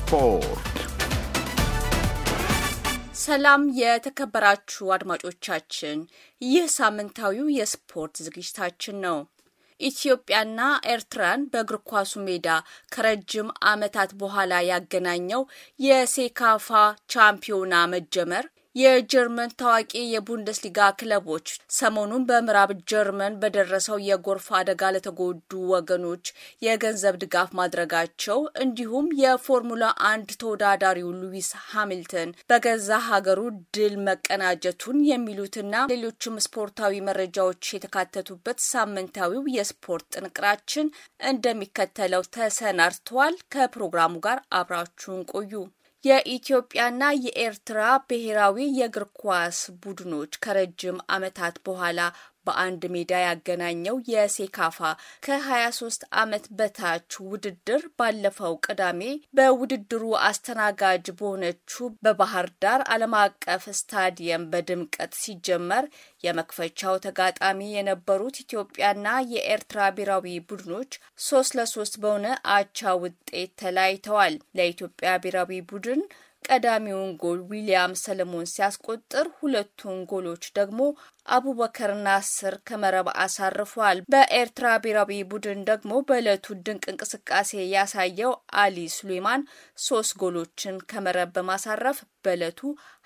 ስፖርት። ሰላም የተከበራችሁ አድማጮቻችን፣ ይህ ሳምንታዊው የስፖርት ዝግጅታችን ነው። ኢትዮጵያና ኤርትራን በእግር ኳሱ ሜዳ ከረጅም ዓመታት በኋላ ያገናኘው የሴካፋ ቻምፒዮና መጀመር የጀርመን ታዋቂ የቡንደስሊጋ ክለቦች ሰሞኑን በምዕራብ ጀርመን በደረሰው የጎርፍ አደጋ ለተጎዱ ወገኖች የገንዘብ ድጋፍ ማድረጋቸው እንዲሁም የፎርሙላ አንድ ተወዳዳሪው ሉዊስ ሃሚልተን በገዛ ሀገሩ ድል መቀናጀቱን የሚሉትና ሌሎችም ስፖርታዊ መረጃዎች የተካተቱበት ሳምንታዊው የስፖርት ጥንቅራችን እንደሚከተለው ተሰናድተዋል። ከፕሮግራሙ ጋር አብራችሁን ቆዩ። የኢትዮጵያና የኤርትራ ብሔራዊ የእግር ኳስ ቡድኖች ከረጅም ዓመታት በኋላ በአንድ ሜዳ ያገናኘው የሴካፋ ከ23 ዓመት በታች ውድድር ባለፈው ቅዳሜ በውድድሩ አስተናጋጅ በሆነችው በባህር ዳር ዓለም አቀፍ ስታዲየም በድምቀት ሲጀመር የመክፈቻው ተጋጣሚ የነበሩት ኢትዮጵያና የኤርትራ ብሔራዊ ቡድኖች ሶስት ለሶስት በሆነ አቻ ውጤት ተለያይተዋል። ለኢትዮጵያ ብሔራዊ ቡድን ቀዳሚውን ጎል ዊሊያም ሰለሞን ሲያስቆጥር ሁለቱን ጎሎች ደግሞ አቡበከር ናስር ከመረብ አሳርፏል። በኤርትራ ብሔራዊ ቡድን ደግሞ በዕለቱ ድንቅ እንቅስቃሴ ያሳየው አሊ ሱሌማን ሶስት ጎሎችን ከመረብ በማሳረፍ በዕለቱ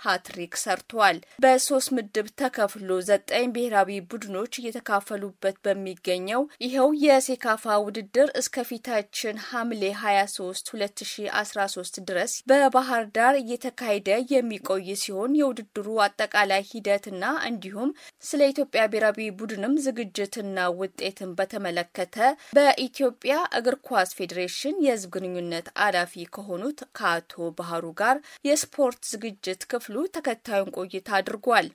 ሀትሪክ ሰርቷል። በሶስት ምድብ ተከፍሎ ዘጠኝ ብሔራዊ ቡድኖች እየተካፈሉበት በሚገኘው ይኸው የሴካፋ ውድድር ፊታችን ሐምሌ 23 2013 ድረስ በባህር ዳር እየተካሄደ የሚቆይ ሲሆን የውድድሩ አጠቃላይ ሂደትና እንዲሁም ስለ ኢትዮጵያ ብሔራዊ ቡድንም ዝግጅትና ውጤትን በተመለከተ በኢትዮጵያ እግር ኳስ ፌዴሬሽን የህዝብ ግንኙነት ኃላፊ ከሆኑት ከአቶ ባህሩ ጋር የስፖርት ዝግጅት ክፍሉ ተክሉ ተከታዩን ቆይታ አድርጓል።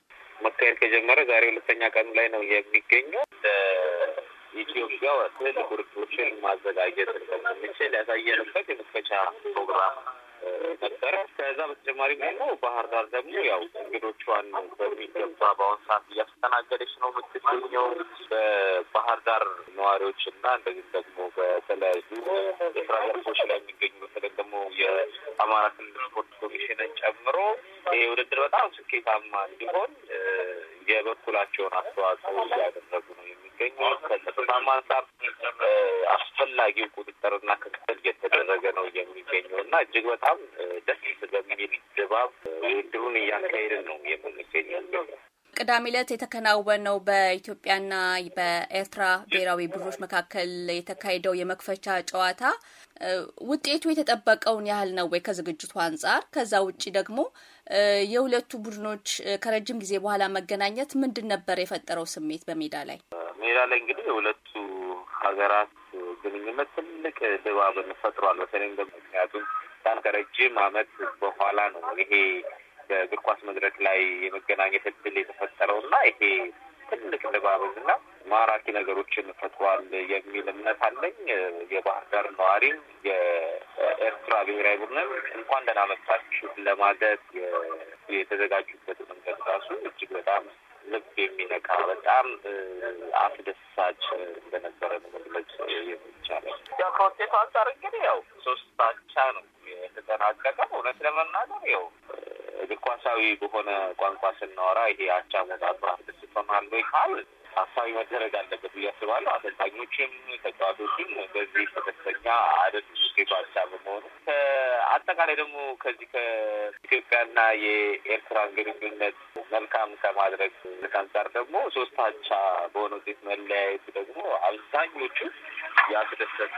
መካሄድ ከጀመረ ዛሬ ሁለተኛ ቀኑ ላይ ነው የሚገኘው። ኢትዮጵያ ትልልቅ ውድድሮችን ማዘጋጀት እንደምንችል ያሳየንበት የመክፈቻ ፕሮግራም ነበረ። ከዛ በተጨማሪ ደግሞ ባህር ዳር ደግሞ ያው እንግዶቿን በሚገባ በአሁን ሰዓት እያስተናገደች ነው የምትገኘው። በባህር ዳር ነዋሪዎች እና እንደዚህም ደግሞ በተለያዩ የስራ ዘርፎ ውድድር በጣም ስኬታማ እንዲሆን የበኩላቸውን አስተዋጽኦ እያደረጉ ነው የሚገኙ። ከጸጥታም አንጻር አስፈላጊው ቁጥጥርና ክትትል እየተደረገ ነው የሚገኘው እና እጅግ በጣም ቅዳሜ ዕለት የተከናወነው በኢትዮጵያና በኤርትራ ብሔራዊ ቡድኖች መካከል የተካሄደው የመክፈቻ ጨዋታ ውጤቱ የተጠበቀውን ያህል ነው ወይ ከዝግጅቱ አንጻር? ከዛ ውጭ ደግሞ የሁለቱ ቡድኖች ከረጅም ጊዜ በኋላ መገናኘት ምንድን ነበር የፈጠረው ስሜት በሜዳ ላይ? ሜዳ ላይ እንግዲህ የሁለቱ ሀገራት ግንኙነት ትልቅ ድባብን ፈጥሯል። በተለይም ደግሞ ምክንያቱም በጣም ከረጅም ዓመት በኋላ ነው ይሄ በእግር ኳስ መድረክ ላይ የመገናኘት እድል የተፈ ይሄ ትልቅ ልባብና ማራኪ ነገሮችን ፈጥሯል የሚል እምነት አለኝ። የባህር ዳር ነዋሪም የኤርትራ ብሔራዊ ቡድንም እንኳን ደህና መጣችሁ ለማለት የተዘጋጁበት መንገድ ራሱ እጅግ በጣም ልብ የሚነካ በጣም አስደሳች እንደነበረ ነው መግለጽ የሚቻለው። ያው ከውጤቱ አንጻር እንግዲህ ያው ሶስት አቻ ነው የተጠናቀቀው። እውነት ለመናገር ያው እግር ኳሳዊ በሆነ ቋንቋ ስናወራ ይሄ አቻ መውጣት ማስደስተናል ወይ ካል ሀሳቢ መደረግ አለበት ብዬ አስባለሁ። አሰልጣኞችም ተጫዋቾችም በዚህ ተከስተኛ አይደሉም። የውጤቱ ሀሳብ መሆኑ አጠቃላይ ደግሞ ከዚህ ከኢትዮጵያና የኤርትራን ግንኙነት መልካም ከማድረግ አንጻር ደግሞ ሶስት አቻ በሆነ ውጤት መለያየቱ ደግሞ አብዛኞቹ ያስደሰተ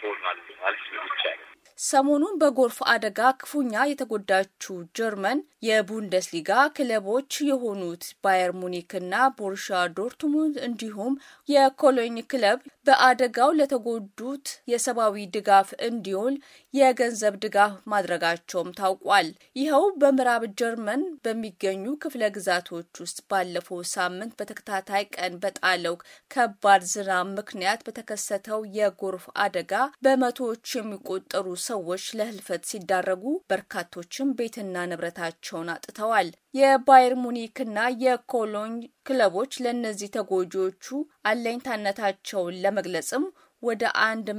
ሆኗል ማለት ይቻላል። ሰሞኑን በጎርፍ አደጋ ክፉኛ የተጎዳችው ጀርመን የቡንደስሊጋ ክለቦች የሆኑት ባየር ሙኒክና ቦርሻ ዶርትሙንድ እንዲሁም የኮሎኝ ክለብ በአደጋው ለተጎዱት የሰብአዊ ድጋፍ እንዲውል የገንዘብ ድጋፍ ማድረጋቸውም ታውቋል። ይኸው በምዕራብ ጀርመን በሚገኙ ክፍለ ግዛቶች ውስጥ ባለፈው ሳምንት በተከታታይ ቀን በጣለው ከባድ ዝናብ ምክንያት በተከሰተው የጎርፍ አደጋ በመቶዎች የሚቆጠሩ ሰዎች ለህልፈት ሲዳረጉ በርካቶችም ቤትና ንብረታቸውን አጥተዋል። የባየር ሙኒክና የኮሎኝ ክለቦች ለእነዚህ ተጎጂዎቹ አለኝታነታቸውን ለመግለጽም ወደ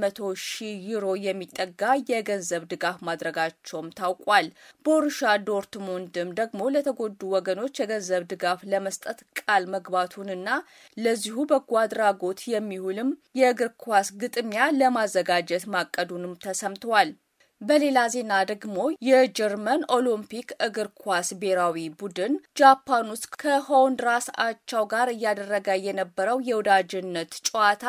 100 ሺህ ዩሮ የሚጠጋ የገንዘብ ድጋፍ ማድረጋቸውም ታውቋል። ቦሩሻ ዶርትሙንድም ደግሞ ለተጎዱ ወገኖች የገንዘብ ድጋፍ ለመስጠት ቃል መግባቱንና ለዚሁ በጎ አድራጎት የሚውልም የእግር ኳስ ግጥሚያ ለማዘጋጀት ማቀዱንም ተሰምተዋል። በሌላ ዜና ደግሞ የጀርመን ኦሎምፒክ እግር ኳስ ብሔራዊ ቡድን ጃፓን ውስጥ ከሆንድራስ አቻው ጋር እያደረገ የነበረው የወዳጅነት ጨዋታ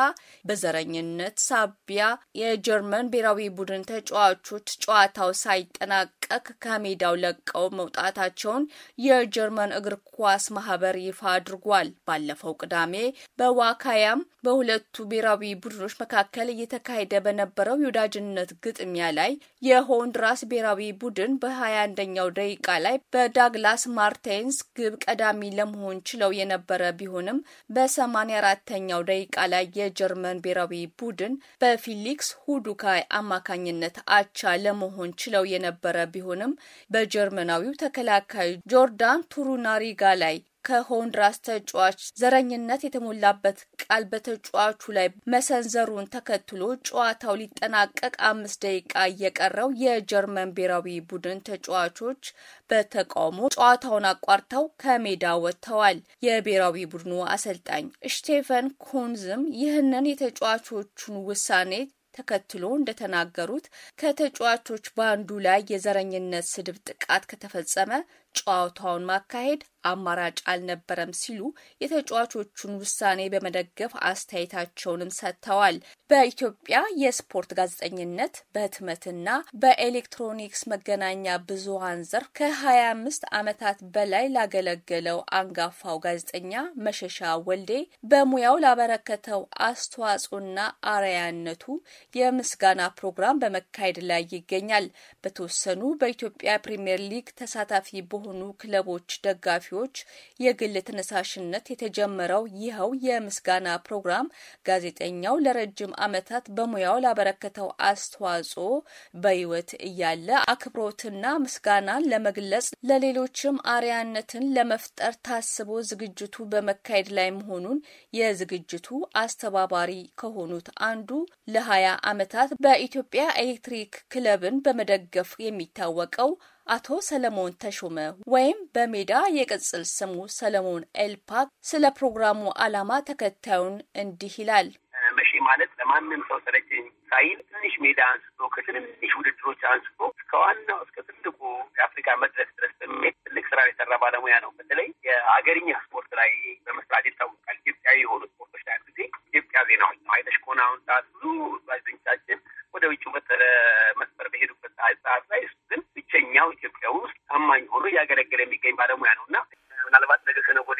በዘረኝነት ሳቢያ የጀርመን ብሔራዊ ቡድን ተጫዋቾች ጨዋታው ሳይጠናቀቅ ከሜዳው ለቀው መውጣታቸውን የጀርመን እግር ኳስ ማህበር ይፋ አድርጓል። ባለፈው ቅዳሜ በዋካያም በሁለቱ ብሔራዊ ቡድኖች መካከል እየተካሄደ በነበረው የወዳጅነት ግጥሚያ ላይ የሆንድራስ ብሔራዊ ቡድን በ21ኛው ደቂቃ ላይ በዳግላስ ማርቴንስ ግብ ቀዳሚ ለመሆን ችለው የነበረ ቢሆንም በ84ኛው ደቂቃ ላይ የጀርመን ብሔራዊ ቡድን በፊሊክስ ሁዱካይ አማካኝነት አቻ ለመሆን ችለው የነበረ ቢሆንም በጀርመናዊው ተከላካይ ጆርዳን ቱሩናሪጋ ላይ ከሆንድራስ ተጫዋች ዘረኝነት የተሞላበት ቃል በተጫዋቹ ላይ መሰንዘሩን ተከትሎ ጨዋታው ሊጠናቀቅ አምስት ደቂቃ እየቀረው የጀርመን ብሔራዊ ቡድን ተጫዋቾች በተቃውሞ ጨዋታውን አቋርተው ከሜዳ ወጥተዋል። የብሔራዊ ቡድኑ አሰልጣኝ ስቴፈን ኩንዝም ይህንን የተጫዋቾቹን ውሳኔ ተከትሎ እንደተናገሩት ከተጫዋቾች በአንዱ ላይ የዘረኝነት ስድብ ጥቃት ከተፈጸመ ጨዋታውን ማካሄድ አማራጭ አልነበረም ሲሉ የተጫዋቾቹን ውሳኔ በመደገፍ አስተያየታቸውንም ሰጥተዋል። በኢትዮጵያ የስፖርት ጋዜጠኝነት በህትመትና በኤሌክትሮኒክስ መገናኛ ብዙሃን ዘርፍ ከ25 ዓመታት በላይ ላገለገለው አንጋፋው ጋዜጠኛ መሸሻ ወልዴ በሙያው ላበረከተው አስተዋጽኦና አርአያነቱ የምስጋና ፕሮግራም በመካሄድ ላይ ይገኛል። በተወሰኑ በኢትዮጵያ ፕሪምየር ሊግ ተሳታፊ በሆኑ ክለቦች ደጋፊዎች የግል ተነሳሽነት የተጀመረው ይኸው የምስጋና ፕሮግራም ጋዜጠኛው ለረጅም ዓመታት በሙያው ላበረከተው አስተዋጽኦ በሕይወት እያለ አክብሮትና ምስጋናን ለመግለጽ ለሌሎችም አርያነትን ለመፍጠር ታስቦ ዝግጅቱ በመካሄድ ላይ መሆኑን የዝግጅቱ አስተባባሪ ከሆኑት አንዱ ለሀያ ዓመታት በኢትዮጵያ ኤሌክትሪክ ክለብን በመደገፍ የሚታወቀው አቶ ሰለሞን ተሾመ ወይም በሜዳ የቅጽል ስሙ ሰለሞን ኤልፓክ ስለ ፕሮግራሙ ዓላማ ተከታዩን እንዲህ ይላል። መቼ ማለት ለማንም ሰው ሰለቸኝ ሳይል ትንሽ ሜዳ አንስቶ ከትንንሽ ውድድሮች አንስቶ እስከ ዋናው እስከ ትልቁ የአፍሪካ መድረክ ድረስ በሚሄድ ትልቅ ስራ የሰራ ባለሙያ ነው። በተለይ የአገርኛ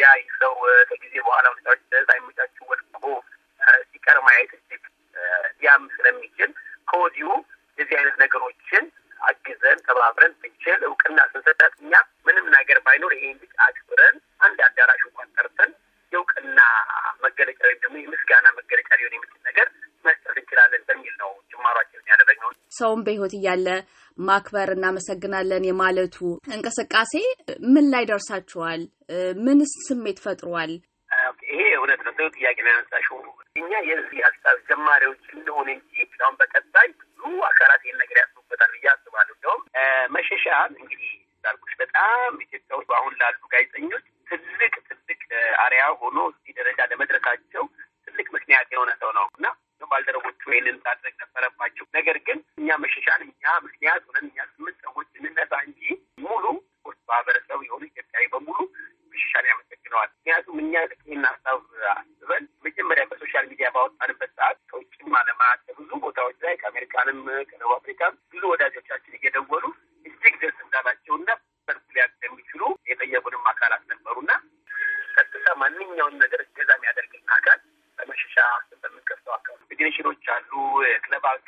ያ ይህ ሰው ከጊዜ በኋላ ወታዎች ዘይ ሰውን በህይወት እያለ ማክበር እናመሰግናለን የማለቱ እንቅስቃሴ ምን ላይ ደርሳችኋል? ምን ስሜት ፈጥሯል? ይሄ እውነት ነው። ጥያቄ ነው ያነሳሽው። እኛ የዚህ ሀሳብ ጀማሪዎች እንደሆነ እንጂ አሁን በቀጣይ ብዙ አካላት ይህን ነገር ያስቡበታል ብዬ አስባለሁ። እንደውም መሸሻ እንግዲህ እንዳልኩሽ በጣም ኢትዮጵያ ውስጥ አሁን ላሉ ጋዜጠኞች ትልቅ ትልቅ አሪያ ሆኖ እዚህ ደረጃ ለመድረሳቸው ትልቅ ምክንያት የሆነ ሰው ነው እና ባልደረቦቹ ይህንን ማድረግ ነበረባቸው። ነገር ግን እኛ መሸሻን እኛ ምክንያት ሆነን እኛ ስምንት ሰዎች እንነሳ እንጂ ሙሉ ስፖርት ማህበረሰብ የሆኑ ኢትዮጵያዊ በሙሉ መሸሻን ያመሰግነዋል። ምክንያቱም እኛ ጥቅሜና ሀሳብ አስበን መጀመሪያ በሶሻል ሚዲያ ባወጣንበት ሰዓት ከውጭም አለማት ብዙ ቦታዎች ላይ ከአሜሪካንም ከደቡብ አፍሪካም ብዙ ወዳጆቻችን እየደወሉ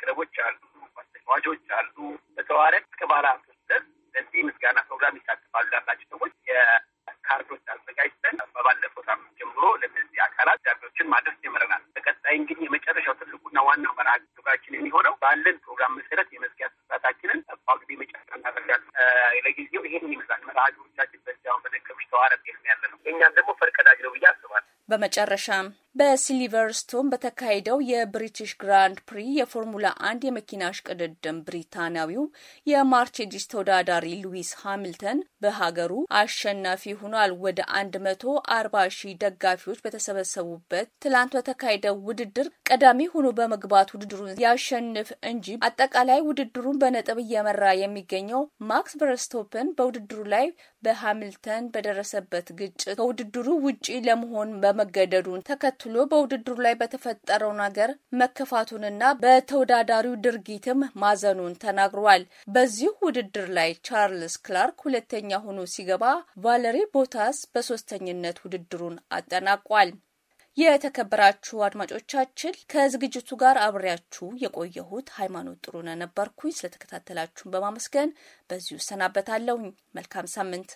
ክለቦች አሉ፣ ተጫዋቾች አሉ። በተዋረድ እስከ ባለ ሀብቶች ድረስ በዚህ ምስጋና ፕሮግራም ይሳተፋሉ ያላቸው ሰዎች የካርዶች አዘጋጅተን በባለፈው ሳምንት ጀምሮ ለእነዚህ አካላት ዳቢዎችን ማድረስ ጀምረናል። በቀጣይ እንግዲህ የመጨረሻው ትልቁና ዋናው መርሃ ግብራችን የሚሆነው ባለን ፕሮግራም መሰረት የመዝጊያ ስርዓታችንን ጳጉሜ መጨረሻ እናደርጋለን። ለጊዜው ይህን ይመስላል መርሃ ግብሮቻችን። በዚያው መደከሚሽ ተዋረድ ያለ ነው። እኛም ደግሞ ፈርቀዳጅ ነው ብዬ አስባለሁ። በመጨረሻም በሲሊቨርስቶን በተካሄደው የብሪቲሽ ግራንድ ፕሪ የፎርሙላ አንድ የመኪና እሽቅድድም ብሪታናዊው የማርቼዲስ ተወዳዳሪ ሉዊስ ሃሚልተን በሀገሩ አሸናፊ ሆኗል። ወደ 1መቶ አርባ ሺህ ደጋፊዎች በተሰበሰቡበት ትላንት በተካሄደው ውድድር ቀዳሚ ሆኖ በመግባት ውድድሩን ያሸንፍ እንጂ አጠቃላይ ውድድሩን በነጥብ እየመራ የሚገኘው ማክስ ቨርስቶፕን በውድድሩ ላይ በሃሚልተን በደረሰበት ግጭት ከውድድሩ ውጪ ለመሆን በመገደዱን ተከትሎ በውድድሩ ላይ በተፈጠረው ነገር መከፋቱንና በተወዳዳሪው ድርጊትም ማዘኑን ተናግሯል። በዚሁ ውድድር ላይ ቻርልስ ክላርክ ሁለተኛ ሆኖ ሲገባ ቫለሪ ቦታስ በሶስተኝነት ውድድሩን አጠናቋል። የተከበራችሁ አድማጮቻችን ከዝግጅቱ ጋር አብሬያችሁ የቆየሁት ሃይማኖት ጥሩነ ነበርኩኝ። ስለተከታተላችሁን በማመስገን በዚሁ እሰናበታለሁኝ። መልካም ሳምንት።